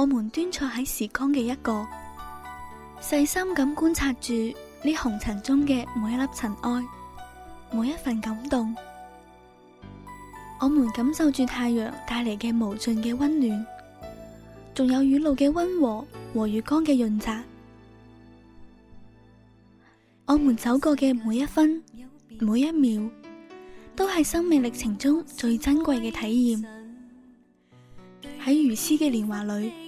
我們端坐喺時光嘅一個，細心咁觀察住呢紅塵中嘅每一粒塵埃，每一份感動。我們感受住太陽帶嚟嘅無盡嘅溫暖，仲有雨露嘅溫和和月光嘅潤澤。我們走過嘅每一分每一秒，都係生命歷程中最珍貴嘅體驗。喺如詩嘅年華裏。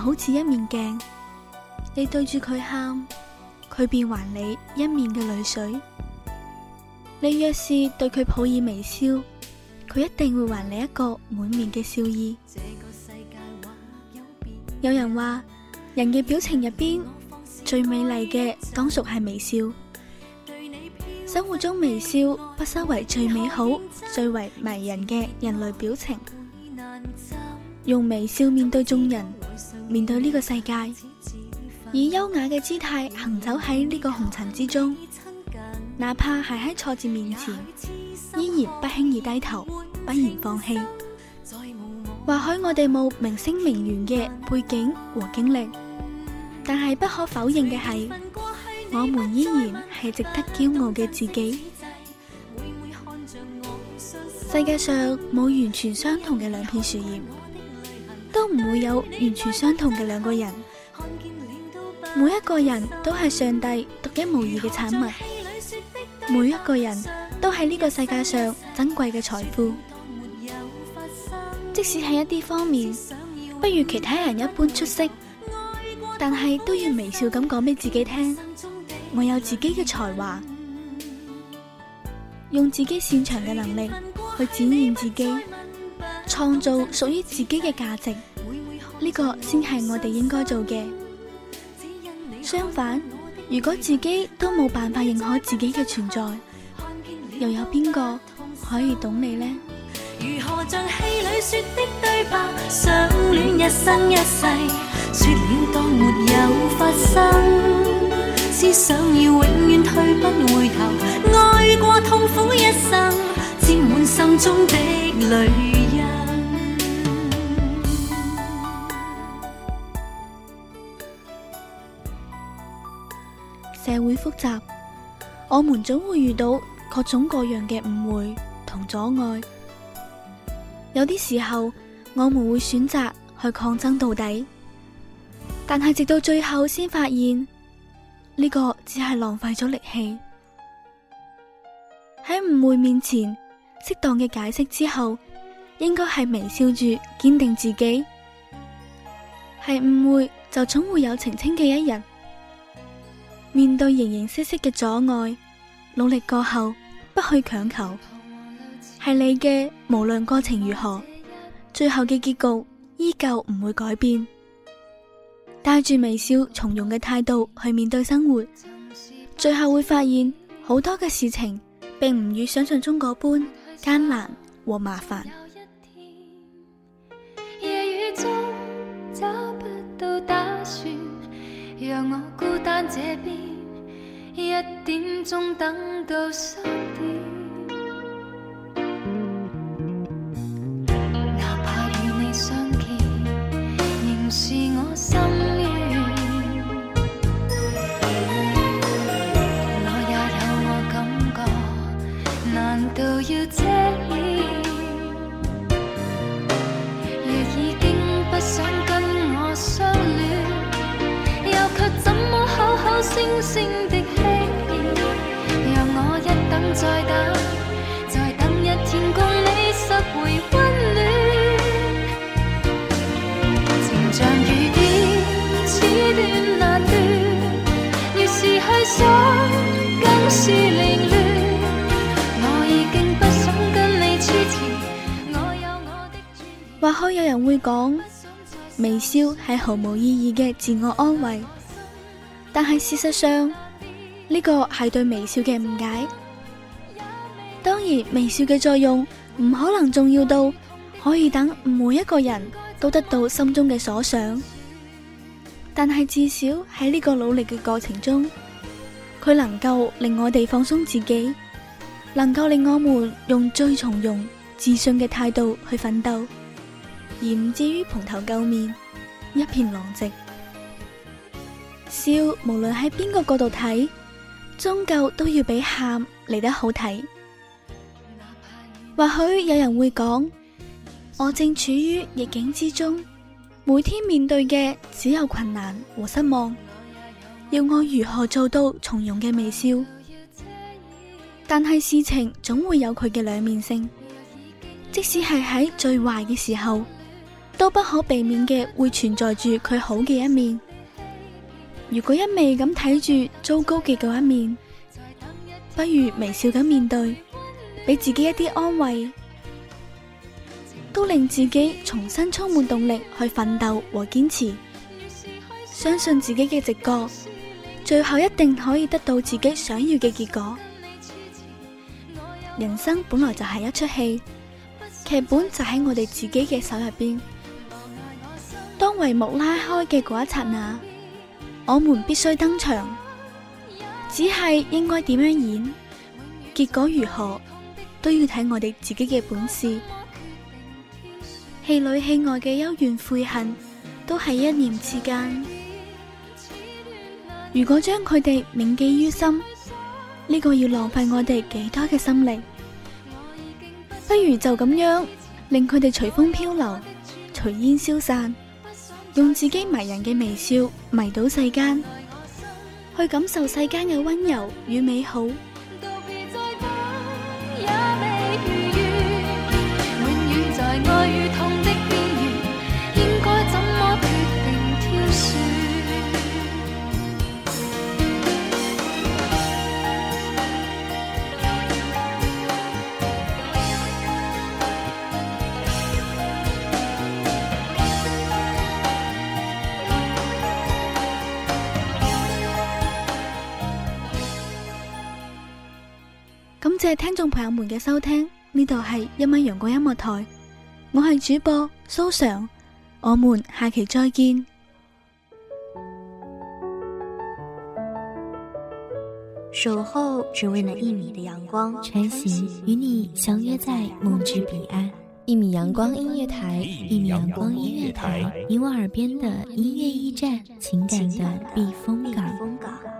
好似一面鏡，你對住佢喊，佢便還你一面嘅淚水；你若是對佢抱以微笑，佢一定會還你一個滿面嘅笑意。有人話，人嘅表情入邊最美麗嘅，當屬係微笑。生活中微笑不失為最美好、最為迷人嘅人類表情。用微笑面對眾人。面對呢個世界，以優雅嘅姿態行走喺呢個紅塵之中，哪怕係喺挫折面前，依然不輕易低頭，不言放棄。或許我哋冇明星名媛嘅背景和經歷，但係不可否認嘅係，我們依然係值得驕傲嘅自己。世界上冇完全相同嘅兩片樹葉。唔會有完全相同嘅兩個人，每一個人都係上帝獨一無二嘅產物，每一個人都係呢個世界上珍貴嘅財富。即使喺一啲方面不如其他人一般出色，但係都要微笑咁講俾自己聽：我有自己嘅才華，用自己擅長嘅能力去展現自己，創造屬於自己嘅價值。呢個先係我哋應該做嘅。相反，如果自己都冇辦法認可自己嘅存在，又有邊個可以懂你呢？如何像戲裏說的對白：「想戀一生一世，說了當沒有發生，只想要永遠退不回頭，愛過痛苦一生，沾滿心中的淚印。」社會複雜，我們總會遇到各種各樣嘅誤會同阻礙。有啲時候，我們會選擇去抗爭到底，但係直到最後先發現呢個只係浪費咗力氣。喺誤會面前，適當嘅解釋之後，應該係微笑住，堅定自己。係誤會就總會有澄清嘅一日。面對形形色色嘅阻礙，努力過後不去強求，係你嘅，無論過程如何，最後嘅結局依舊唔會改變。帶住微笑從容嘅態度去面對生活，最後會發現好多嘅事情並唔如想象中嗰般艱難和麻煩。孤單這邊，一點鐘等到三點，哪怕與你相見，仍是。或許有人會講，微笑係毫無意義嘅自我安慰。但係事實上，呢個係對微笑嘅誤解。當然，微笑嘅作用唔可能重要到可以等每一個人都得到心中嘅所想。但係至少喺呢個努力嘅過程中，佢能夠令我哋放鬆自己，能夠令我們用最從容、自信嘅態度去奮鬥，而唔至於蓬頭垢面，一片狼藉。笑，無論喺邊個角度睇，終究都要比喊嚟得好睇。或許有人會講，我正處於逆境之中，每天面對嘅只有困難和失望，要我如何做到從容嘅微笑？但係事情總會有佢嘅兩面性，即使係喺最壞嘅時候，都不可避免嘅會存在住佢好嘅一面。如果一味咁睇住糟糕嘅嗰一面，不如微笑咁面對，俾自己一啲安慰，都令自己重新充滿動力去奮鬥和堅持。相信自己嘅直覺，最後一定可以得到自己想要嘅結果。人生本來就係一出戲，劇本就喺我哋自己嘅手入邊。當帷幕拉開嘅嗰一剎那。我們必須登場，只係應該點樣演，結果如何，都要睇我哋自己嘅本事。戲裏戲外嘅幽怨悔恨，都係一念之間。如果將佢哋銘記於心，呢個要浪費我哋幾多嘅心力？不如就咁樣，令佢哋隨風漂流，隨煙消散。用自己迷人嘅微笑迷倒世間，去感受世間嘅溫柔與美好。謝聽眾朋友們嘅收聽，呢度係一米陽光音樂台，我係主播蘇常，我們下期再見。守候只為那一米的陽光，晨曦與你相約在夢之彼岸。一米陽光音樂台，一米陽光音樂台，你我耳邊的音樂驛站，情感的避風港。避風港